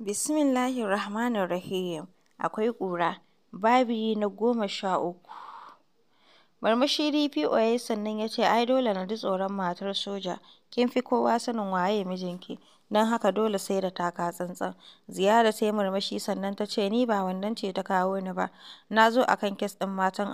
Bismillahir Rahmanir Rahim. Akwai ƙura. Babi na 13. Murmushi DPO ya yi sannan ya ce, "Ai dole na ji tsoron matar soja, kin fi kowa sanin waye mijinki." don haka dole sai da taka-tsantsan. Ziyada ta yi murmushi sannan ta ce, "Ni ba wannan ce ta kawo ni ba, na zo a kan kes ɗin matan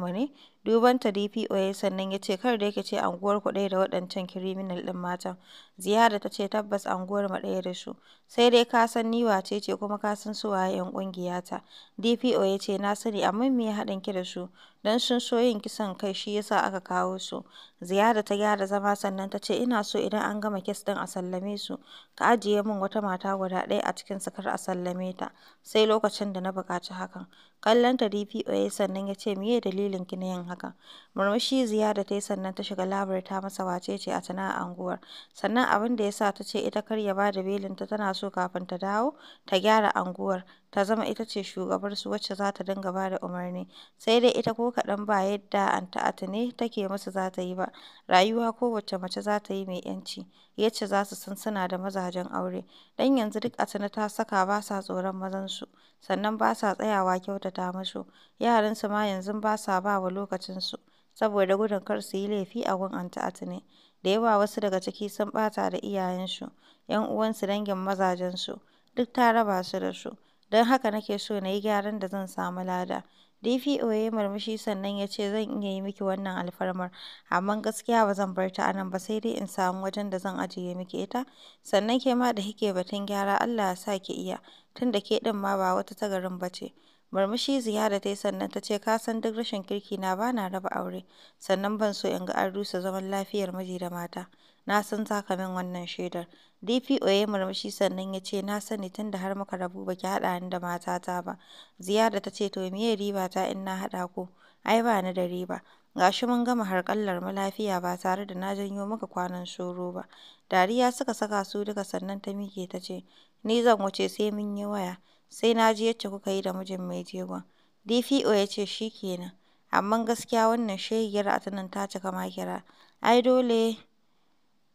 mu ne." Dubanta DPO ya sannan ya ce, "Kar da yake ce ku ɗaya da waɗancan kiriminal ɗin matan." Ziyada ta ce, "Tabbas anguwarmu ɗaya da su, sai dai ka san ni wace ce kuma ka san su waye 'yan ƙungiyata." DPO ya ce, "Na sani, amma me ya haɗin ki da su?" don sun so yin kisan kai shi yasa aka kawo su. Ziyada ta gyara zama sannan ta ce, "Ina so idan an gama kes ɗin a sallame su." ka ajiye min wata mata guda ɗaya a cikin sakar a sallame ta, sai lokacin da na buƙaci hakan. kallon ta ya sannan ya ce, "Me ye ki na yin hakan?" Murmushi ziyara ta yi sannan ta shiga ta masa wace ce Atina a unguwar, sannan abin da ya sa ta ce ita kar ya ba da belinta tana so kafin ta dawo ta gyara anguwar ta zama ita ce shugabar su wacce za ta dinga ba da umarni, sai dai ita ko kaɗan ba yadda Anty Atine take musu za ta yi ba, rayuwa wacce mace za ta yi mai 'yanci, yacce za su san suna da mazajen aure, dan yanzu duk Atine ta saka ba sa tsoron mazansu. sannan ba sa tsayawa kyautata musu, yaransu ma yanzu ba sa ba wa su saboda gudun kar su yi laifi a gun anti Atine, da yawa wasu daga ciki sun bata da iyayensu, 'yan uwansu, dangin mazajensu, duk ta raba su da su, don haka nake so na yi gyaran da zan samu lada. DPO ya yi murmushi sannan ya ce zan iya yi miki wannan alfarmar, amma gaskiya ba zan bar ta anan ba sai dai in samu wajen da zan ajiye miki ita, sannan ke ma da kike batun gyara Allah ya sa ki iya. tunda ke ɗin ma ba wata ta garin ba ce. Murmushi Ziyada ta yi sannan ta ce, ka san duk rashin na ba na raba aure, sannan ban so in ga an rusa zaman lafiyar miji da mata. Na san za min wannan shaidar. DPO ya murmushi sannan ya ce, na sani tunda har muka rabu baki ki haɗa ni da matata ba. Ziyada ta ce, to meye riba ta in na haɗa ku? Ai ba ni da riba. gashi mun gama harƙallarmu lafiya ba tare da na janyo maka kwanan shoro ba. Dariya suka saka su duka sannan ta miƙe ta ce, Ni zan wuce sai mun yi waya. Sai na ji yacce kuka yi da mijin mai jegon. DPO ya ce shi kenan. Amma gaskiya wannan shegiyar Atinan ta cika makera. Ai dole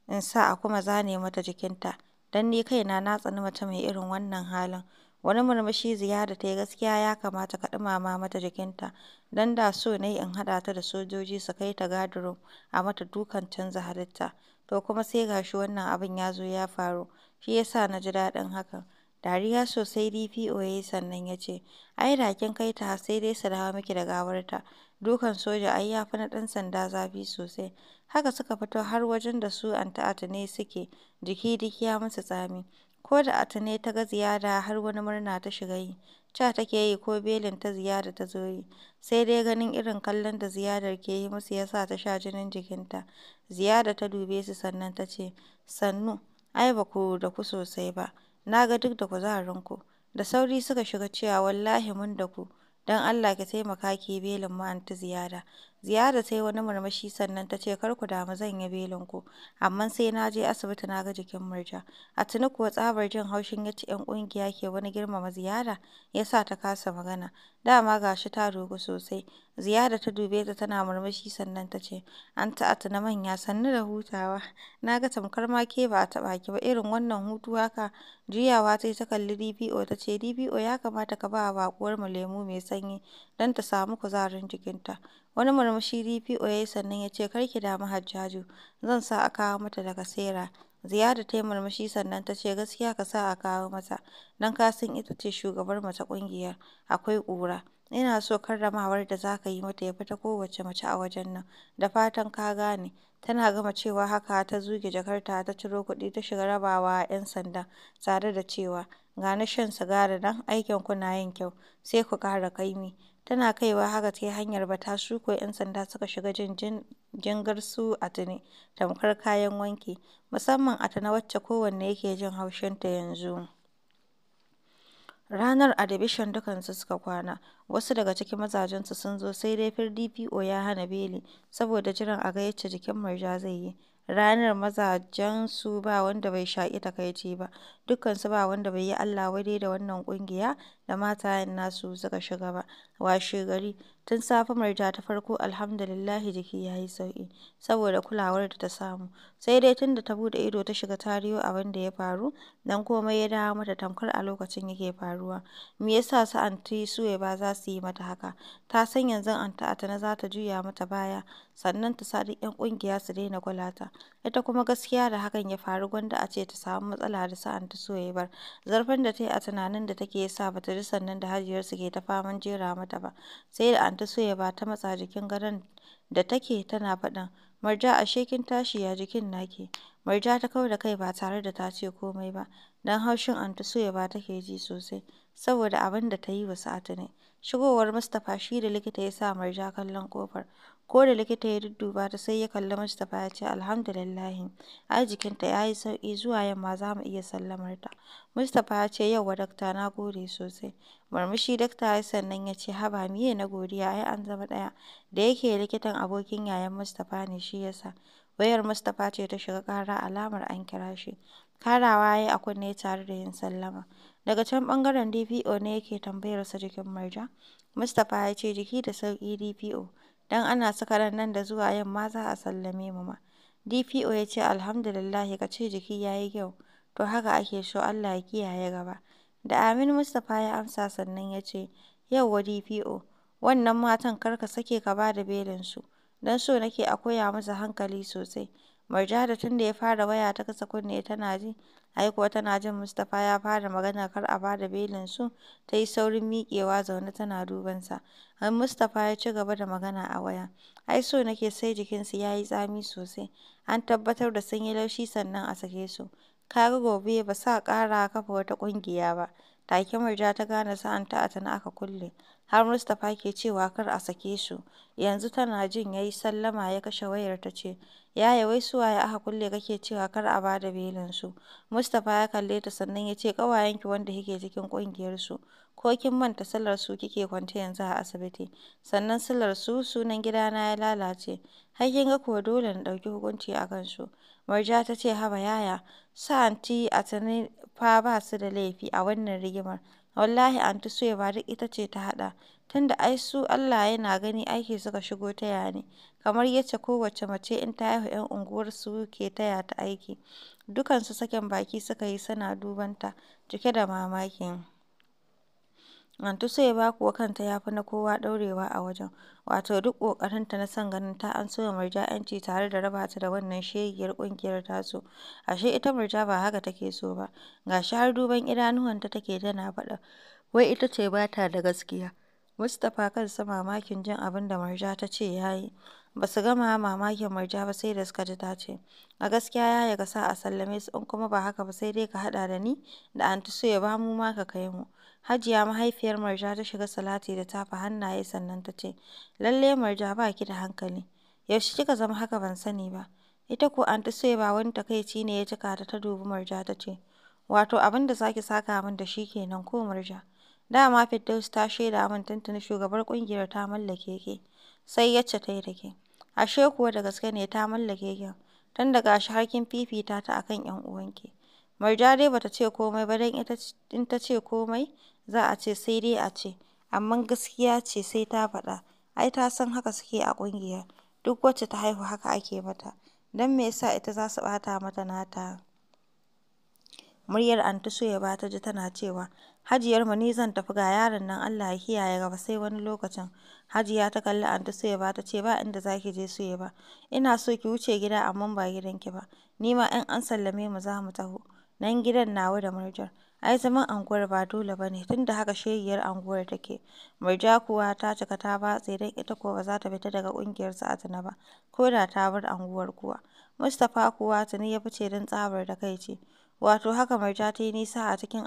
in sa a kuma zane mata jikinta. Don ni kaina na tsani mace mai irin wannan halin. Wani murmushi ziyara ta yi, gaskiya ya kamata ka ɗumama mata jikinta, don da so na in haɗa ta da sojoji su kai ta gadirob a mata dukan canza halitta, to kuma sai gashi wannan abin ya zo ya faru, shi ya sa na ji daɗin hakan. Dariya sosai DPO ya yi sannan ya ce, ai da kin kai ta sai dai su dawo miki da gawarta, dukan soja ai ya fi na ɗan sanda zafi sosai. Haka suka fito har wajen da su an Atty ne suke, jiki duk ya musu tsami. Ko da Atine ta ga ziyara har wani murna ta shiga yi, ca take yi ko belin ta ziyara ta zo yi, sai dai ganin irin kallon da ziyarar ke yi musu ya sa ta sha jinin jikinta. ziyara ta dube su sannan ta ce, "Sannu, ai ba ku da ku sosai ba, na ga duk da kuzarinku." Da sauri suka shiga cewa, "Wallahi mun da ku, don Allah ki taimaka ki belin mu ziyara ziyada ta yi wani murmushi sannan ta ce, "Kar ku damu zan yi belin ku, amma sai na je asibiti na ga jikin Murja." A tuni kuwa tsabar jin haushin yadda 'yan ƙungiya ke wani girmama ziyara? ya sa ta kasa magana. Dama gashi ta dogu sosai. ziyada ta dube ta tana murmushi sannan ta ce, an ta Atine manya sannu da hutawa. Na ga tamkar ma ke ba a taɓa ki ba irin wannan hutu haka." Juyawa ta ta kalli DPO ta ce, "DPO ya kamata ka ba wa baƙuwarmu lemu mai sanyi." don ta samu kuzarin jikinta. Wani murmushi DPO ya yi sannan ya ce, "Kar ki damu Hajjaju, zan sa a kawo mata daga Sera." Ziyada ta yi murmushi sannan ta ce, "Gaskiya ka sa a kawo mata, don ka ita ce shugabar mata kungiyar, ƙungiyar, akwai ƙura. Ina so karramawar da za ka yi mata ya fita kowace mace a wajen nan, da fatan ka gane." Tana gama cewa haka ta zuge jakarta ta ciro kuɗi ta shiga rabawa a 'yan sanda, tare da cewa, "Ga shan sigari nan, aikin ku na yin kyau, sai ku ƙara kaimi." Tana kaiwa haka ta yi hanyar ba su shuko 'yan sanda suka shiga jin a tuni tamkar kayan wanki, musamman a tana wacce kowanne yake jin haushin ta yanzu. Ranar a dukkan dukansu suka kwana, wasu daga cikin mazajensu sun zo sai dai fir DPO ya hana beli saboda jiran a ga jikin Murja zai yi. Ranar mazajensu ba wanda bai shaƙi takaici ba. dukkansu ba wanda bai yi Allah wadai da wannan kungiya da matayen nasu suka shiga ba. gari tun safe marita ta farko alhamdulillahi jiki ya yi sauki saboda kulawar da ta samu, sai dai tun da ta bude ido ta shiga tariyo abin da ya faru, dan komai ya dawo mata tamkar a lokacin yake faruwa. Me yasa sa su Anty Suwaiba za su yi mata haka? Ta san yanzu ta na za ta juya mata baya, sannan ta sa duk 'yan ƙungiya su daina kula ta. Ita kuma gaskiya da hakan ya faru gwanda a ce ta samu matsala da su ta so ya bar, zarfin da ta yi a tunanin da take ya sa ba ta ji sannan da Hajiyarsu ke ta faman jera mata ba, sai da so ya ba ta matsa jikin gadon da take tana faɗin, Marja ashe kin tashi ya jikin naki. Marja ta kau da kai ba tare da ta ce komai ba, don haushin so ya ba take ji sosai. saboda abin da ta yi wa Satani. Shigowar Mustapha shi da likita ya sa marja kallon kofar Ko da likita ya dudduba ta sai ya kalli Mustapha ya ce alhamdulillahi ai jikinta ya yi sauki zuwa yamma za mu iya sallamar ta. Mustapha ya ce yauwa dakta na gode sosai. Murmushi dakta ya sannan ya ce haba miye na godiya ai an zama ɗaya. Da yake likitan abokin yayan Mustapha ne shi yasa. bayar Mustapha ce ta shiga kara alamar an kira shi. Karawa ya yi a kunne tare da yin sallama, daga can ɓangaren DPO ne yake tambayarsa cikin marja Mustapha ya ce, “Jiki da sauƙi DPO, don ana saka nan da zuwa yamma za a sallame mu ma.” DPO ya ce, “Alhamdulillah ka ce jiki ya yi kyau, to haka ake so Allah ya kiyaye gaba.” Da amin Mustapha ya amsa sannan ya ce, yauwa DPO, wannan matan kar ka sake ka bada da belinsu, don so nake a koya musu hankali sosai.” Murjani tun da ya fara waya ta kasa kunne tana ji, ai kuwa tana jin Mustapha ya fara magana kar a ba da belinsu, ta yi saurin miƙewa zaune tana dubansa, har Mustapha ya ci gaba da magana a waya, "Ai so nake sai jikin su yayi tsami sosai, an tabbatar da sun yi laushi sannan a sake su, ka ga gobe ba sa ƙara kafa wata ƙungiya ba." Take Murja ta gane sa'anta a tana aka kulle, har Mustapha ke cewa kar a sake su, yanzu tana jin yayi sallama ya kashe wayar ta ce. ya yi wai su waye aka kulle kake cewa kar a bada belin su? Mustapha ya kalle ta sannan ya ce ƙawayenki wanda kike cikin ƙungiyar su, ko kin manta sallar su kike kwance yanzu a asibiti, sannan sallar su sunan gidana ya lalace, har kin ga kowa dole na ɗauki hukunci a kan su. marja ta ce haba yaya, anti a tani fa ba su da laifi a wannan rigimar, wallahi anty ba duk ita ce ta haɗa. tunda ai su Allah yana gani aiki suka shigo taya ne. kamar yacce kowace mace in ta haihu 'yan su ke taya ta aiki, dukansu sakin baki suka yi suna duban ta, cike da mamaki. Anty ba kuwa kanta ya fi na kowa ɗaurewa a wajen, wato duk ƙoƙarinta na son ganin ta ansoya so Murja 'yanci tare da raba ta da wannan shegiyar ƙungiyar tasu, ashe ita Murja ba haka take so ba, ga har duban idanuwanta take tana faɗa. wai ita ce ba ta da gaskiya. Mustapha kan sa mamakin jin abin da Marja ta ce ya yi, ba su gama mamakin Marja ba sai da suka ji ta ce, a gaskiya ya yi sa a sallame su in kuma ba haka ba sai dai ka haɗa da ni da ya ba mu ma ka kai mu. Hajiya mahaifiyar Marja ta shiga salati da tafa hannaye sannan ta ce, lalle Marja ba ki da hankali, yaushe kika zama haka ban sani ba. Ita ko ya ba wani takaici ne ya cika ta ta dubi Marja ta ce, wato abin da za ki saka min da shi kenan ko Marja. dama ma Firdaus ta shaida min tuntuni shugabar ƙungiyar ta mallake ke sai yace ta yi da ashe kuwa da gaske ne ta mallake kin, tun da gashi har kin fifita ta akan kan 'yan uwanki. marja dai bata ce komai ba dan ita in ta ce komai za a ce sai dai a ce, amma gaskiya ce sai ta faɗa, ai ta san haka suke a ƙungiyar, duk wacce ta haihu haka ake mata, dan me yasa ita za su ɓata mata nata. Muryar Anty Suwaiba ta ji tana cewa Hajiyarmu ni zan tafi ga yaron nan Allah ya kiyaye gaba sai wani lokacin. Hajiya ta kalli Anty Suwaiba ta ce ba inda za ki je ba ina so ki wuce gida amma ba gidan ki ba, ni ma in an sallame mu za mu taho, nan gidan nawa da Murjan. Ai zaman unguwar ba dole ba ne tunda haka shehiyar unguwar take. Murja kuwa ta cika ta batse don ita kuwa ba za ta fita daga kungiyar sa Sa'adina ba, ko da ta bar unguwar kuwa. Mustapha kuwa tuni ya fice don tsabar da kai ce Wato haka Murja ta yi nisa a cikin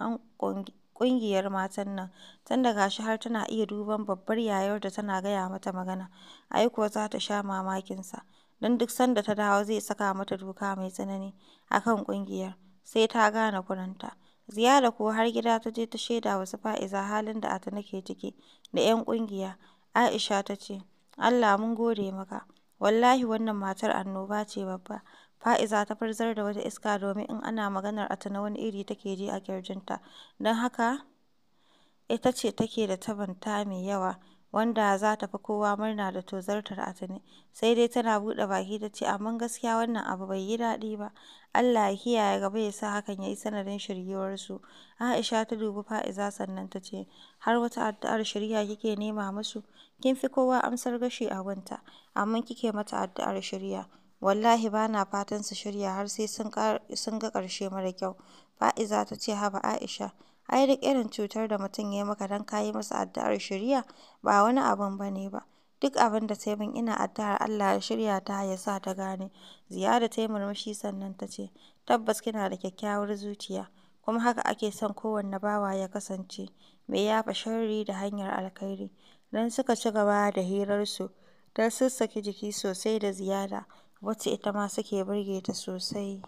ƙungiyar matan nan, tunda gashi har tana iya duban babbar yayar da tana gaya mata magana, ai kuwa za ta sha mamakinsa, don duk sanda ta dawo zai saka mata doka mai tsanani akan kan ƙungiyar, sai ta gane kuranta Ziyara ko har gida ta je ta shaida wa su Fa'iza halin da ata nake ciki da 'yan ƙungiya. Aisha ta ce, Allah mun gode maka, wallahi wannan matar annoba ce babba. Faiza ta furzar da wata iska domin in ana maganar Atine wani iri take ji a ƙirjinta, don haka ita ce take da tabanta mai yawa, wanda za ta fi kowa murna da tozartar Atine, sai dai tana buɗe baki ta ce "amma gaskiya wannan abu bai yi daɗi ba, Allah ya kiyaye gaba ya sa hakan ya yi sanadin su Aisha ta dubi Faiza sannan ta ce "har wata addu'ar shirya kike nema musu? Kin fi kowa amsar gashi a gunta, amma kike mata addu'ar shirya." Wallahi ba na fatan su shirya har sai sun ga ƙarshe mara kyau. Fa'iza ta ce haba Aisha, ai duk irin cutar da mutum ya yi maka don ka yi masa addu'ar shiriya ba wani abun ba ne ba. Duk abin da ta yi min ina addu'ar Allah ya shirya ta ya sa ta gane. Ziyada ta yi murmushi sannan ta ce, tabbas kina da kyakkyawar zuciya, kuma haka ake son kowanne bawa ya kasance, mai yafa sharri da hanyar alkhairi. don suka ci gaba da su ta sassaƙe jiki sosai da Ziyada. wacce ita ma suke burge ta sosai.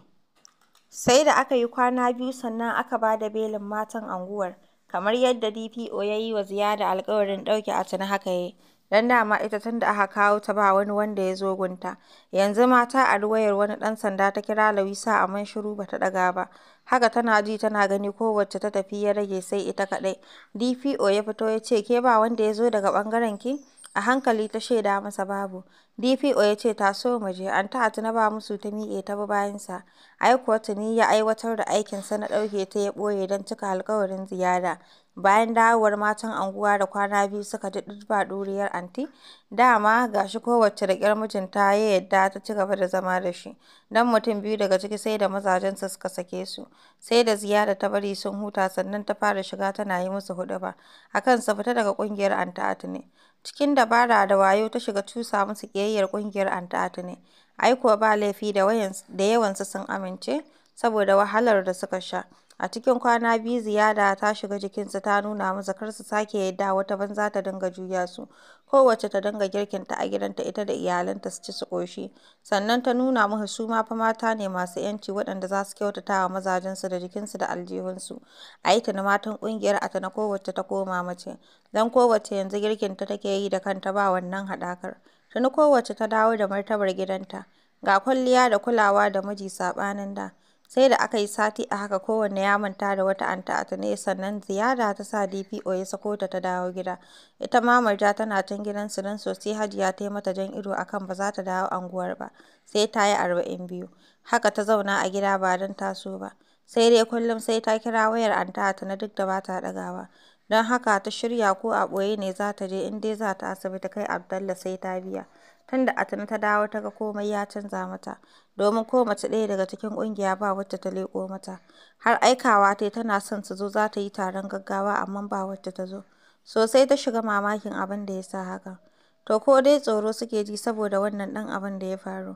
Sai da aka yi kwana biyu sannan aka ba da belin matan unguwar, kamar yadda DPO ya yi wa ziyara alƙawarin ɗauke a tuni haka ya yi, don dama, ita tun da aka kawo ta ba wani wanda ya zo gunta. Yanzu mata a ruwayar wani ɗan sanda ta kira Lawisa amman shiru ba ta ɗaga ba. Haka tana ji tana gani ko kowacce ta tafi ya rage sai ita kaɗai. DPO ya fito ya ce, ke ba wanda ya zo daga ki A hankali ta shaida masa babu. DPO ya ce ta so mu je, anty ba musu ta miƙe ta bi sa Ai kuwa tuni ya aiwatar da aikin sa na ɗauke ta ya ɓoye don cika alƙawarin ziyara. Bayan dawowar matan anguwa da kwana biyu suka ji ba ɗuriyar anti, dama gashi shi da ƙyar mijinta ya yadda ta ci gaba da zama da shi, don mutum biyu daga ciki sai da mazajensa suka sake su, sai da ziyara ta bari sun huta sannan ta fara shiga tana yi musu huɗuba, a kan su fita daga ƙungiyar anti ne. Cikin dabara da wayo ta shiga cusa musu ƙiyayyar ƙungiyar anti ai kuwa ba laifi da yawansu sun amince. saboda wahalar da suka sha. A cikin kwana biyu ziyada ta shiga jikinsu ta nuna musu kar su sake yadda wata banza ta dinga juya su, kowace ta dinga girkin ta a gidanta ita da iyalanta su ci su ƙoshi. Sannan ta nuna musu su ma fa mata ne masu ‘yanci waɗanda za su kyautata wa mazajensu da jikinsu da aljihunsu. A yi tuni matan ƙungiyar a tana kowace ta koma mace, don kowace yanzu girkinta take yi da kanta ba wannan haɗakar. Tuni kowace ta dawo da martabar gidanta, ga kwalliya da kulawa da miji saɓanin da. Sai da aka yi sati a haka kowanne ya manta da wata anti a ne sannan ziyara ta sa DPO ya sako ta ta dawo gida. Ita ma Marja tana can su don sosai Hajiya ta yi mata jan ido akan ba za ta dawo anguwar ba, sai ta yi arba'in biyu. Haka ta zauna a gida ba don ta so ba. Sai dai kullum sai ta kira wayar anti ta na duk da ba ta ɗagawa. Don haka ta shirya ko a ɓoye ne za ta je in dai za ta asibiti kai Abdallah sai ta biya. Tunda Atine ta dawo ta ga komai ya canza mata. domin ko mace ɗaya daga cikin ƙungiya ba wacce ta leƙo mata, har aikawa ta yi tana son su zo za ta yi taron gaggawa amma ba wacce ta zo, sosai ta shiga mamakin abin da ya sa haka to ko dai tsoro suke ji saboda wannan ɗan abin da ya faru,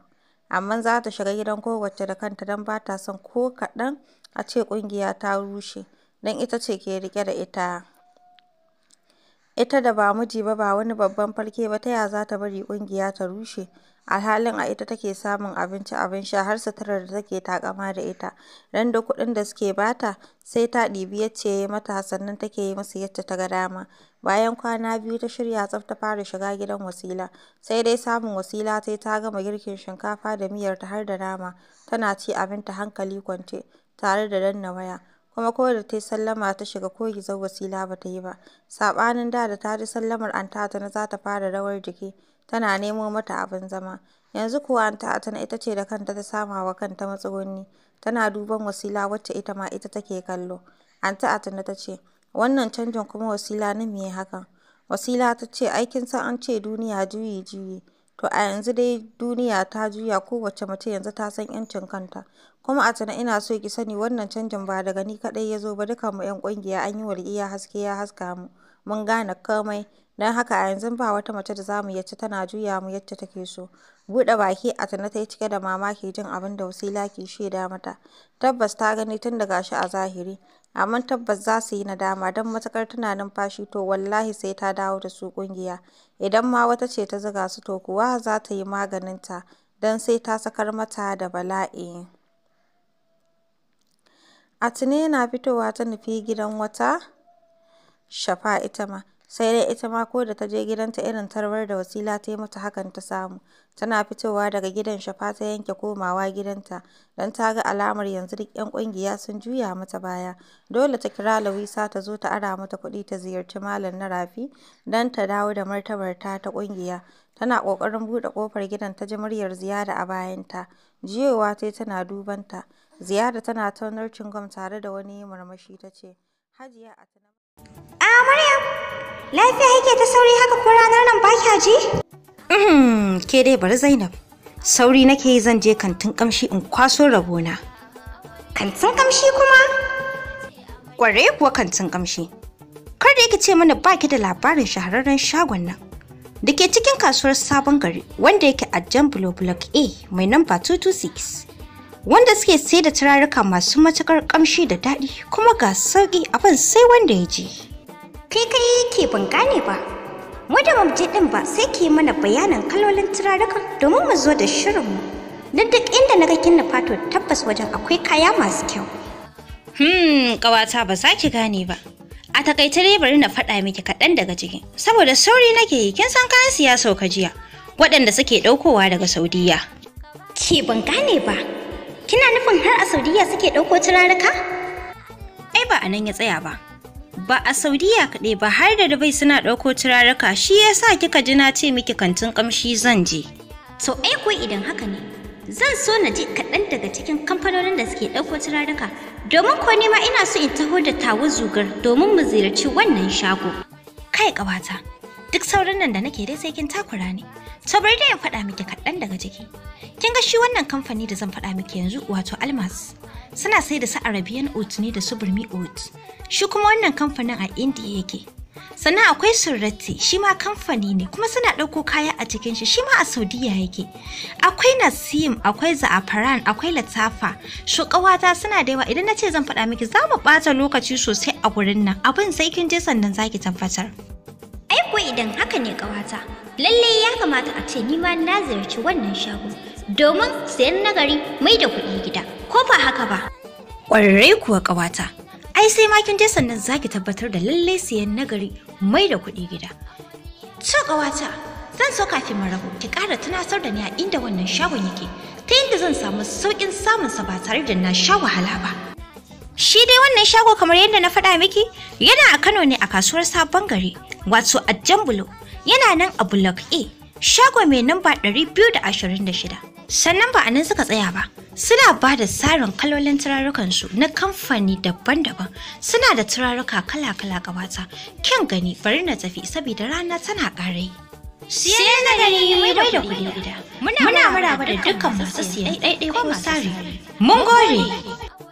amma za ta shiga gidan kowace da kanta don ba ta son ko kaɗan a ce ƙungiya ta rushe, don ita ce ke rike da ita. Ita da ba miji ba ba wani babban falke ba ta ya za ta bari ƙungiya ta rushe. alhalin a ita take samun abinci, abin sha, har satarar da take takama da ita, don duk kuɗin da suke bata sai ta ɗibi yacce ya yi mata sannan take yi musu yace ta ga dama. Bayan kwana biyu ta shirya tsaf ta fara shiga gidan Wasila, sai dai samun Wasila sai ta gama girkin shinkafa da miyar ta har da nama, tana ci abin ta hankali kwance, tare da danna waya. kuma ko da ta sallama ta shiga ko gizon Wasila ba ta yi ba, saɓanin da da ta ji sallamar ta na za ta fara rawar jiki. tana nemo mata abin zama. Yanzu kuwa Aunt tana ita ce da kanta ta sama wa kanta matsuguni, tana duban Wasila wacce ita ma ita take kallo. a Atah ta ce, "Wannan canjin kuma Wasila na me hakan?" Wasila ta ce, "Ai kin san an ce duniya juyi-juyi, to a yanzu dai duniya ta juya kowace mace yanzu ta san 'yancin kanta. Kuma a tuna ina so ki sani wannan canjin ba daga ni kaɗai ya zo ba, dukanmu 'yan ƙungiya an yi walƙiya haske ya haska mu, mun gane komai. Don haka a yanzu ba wata mace da za mu tana juya mu yadda take so. Buɗe baki a Atine ta yi cike da mamaki jin abin da Wasila ke shaida mata. Tabbas ta gani tun da gashi a zahiri, amma tabbas za su yi nadama don matuƙar tana numfashi to wallahi sai ta dawo da su ƙungiya. Idan ma wata ce ta zuga su to kuwa za ta yi maganinta don sai ta sakar mata da bala'i. Atine yana fitowa ta nufi gidan wata Shafa ita ma. Sai dai ita ma ko da ta je gidanta irin tarwar da Wasila ta yi mata hakan ta samu, tana fitowa daga gidan Shafa ta yanke komawa gidanta don ta ga alamar yanzu duk 'yan ƙungiya sun juya mata baya, dole ta kira lawisa ta zo ta ara mata kuɗi ta ziyarci Malam na Rafi don ta dawo da martabar ta ta kungiya Tana kokarin buɗe kofar gidan ta ji muryar Ziyada a bayanta, jiyowa ta tana dubanta. Ziyada tana taunar cingam tare da wani murmushi ta ce, Hajiya a Lafiya yake ta sauri haka ko ranar nan ba kya ji? Mm-hmm. ke dai bari Zainab. Sauri nake yi zan je kantin kamshi in kwaso rabona. Kantin kamshi kuma? Kware kuwa kantin kamshi. Kar da yake ce mana ba ki da labarin shahararren shagon nan. Da ke cikin kasuwar sabon gari wanda yake a Jan Block A mai namba 226. Wanda suke sai da turaruka masu matakar ƙamshi da daɗi kuma ga sauƙi abin sai wanda ya je. kai kai ke ban ne ba mu da din ba sai ke mana bayanan kalolin turarukan domin mu zo da shirinmu na duk inda na ga kinna fato tabbas wajen akwai kaya masu kyau hmm kawata ba za ki gane ba a takaice dai bari na faɗa miki kaɗan daga cikin saboda sauri nake yi kin san kayan siyasa ka jiya waɗanda suke ɗaukowa daga saudiya ke ban gane ba kina nufin har a saudiya suke ɗauko turaruka ai ba a nan ya tsaya ba ba a saudiya kaɗai ba har da dubai suna ɗauko turaruka shi ya sa kika ji na ce miki kantin ƙamshi zan je to ai ko idan haka ne zan so na ji kaɗan daga cikin kamfanonin da suke ɗauko turaruka domin ko nema ina so in taho da tawo zugar domin mu ziyarci wannan shago kai ƙawata duk sauran nan da nake dai sai kin takura ne to bari dai in faɗa miki kaɗan daga ciki kin ga shi wannan kamfani da zan faɗa miki yanzu wato almas suna sai da su arabian oat ne da su burmi oat shi kuma wannan kamfanin a indiya yake sannan akwai surratti shi ma kamfani ne kuma suna ɗauko kaya a cikin shi shi ma a saudiya yake akwai nasim akwai za'afaran akwai latafa shukawata suna da yawa idan na ce zan faɗa miki za mu ɓata lokaci sosai a gurin nan abin sai kin je sannan za ki tabbatar ai ko idan haka ne kawata lalle ya kamata a ce ni ma na ziyarci wannan shago domin sayan nagari mai da kuɗi gida ko ba haka ba? Ƙwararre kuwa ƙawata, ai sai makin je sannan zaki tabbatar da lalle siyan nagari mai da kuɗi gida. To ƙawata, zan so kafin rabu ki ƙara tunasar da ni a inda wannan shagon yake, ta yadda zan samu sauƙin samunsa ba tare da na sha wahala ba. Shi dai wannan shago kamar yadda na faɗa miki yana a Kano ne a kasuwar sabon gari wato a Jambulo yana nan a Block A shago mai namba ɗari biyu da da ashirin shida. Sannan ba a nan suka tsaya ba, suna ba da tsarin kalolin turarukansu na kamfani daban-daban suna da turaruka kala-kala gabata. Kyan gani bari na tafi saboda rana tana karai Siyan na gani mai da kuɗi guda. Muna maraba da dukkan masu siyan ɗaiɗai ko tsari. Mun gore!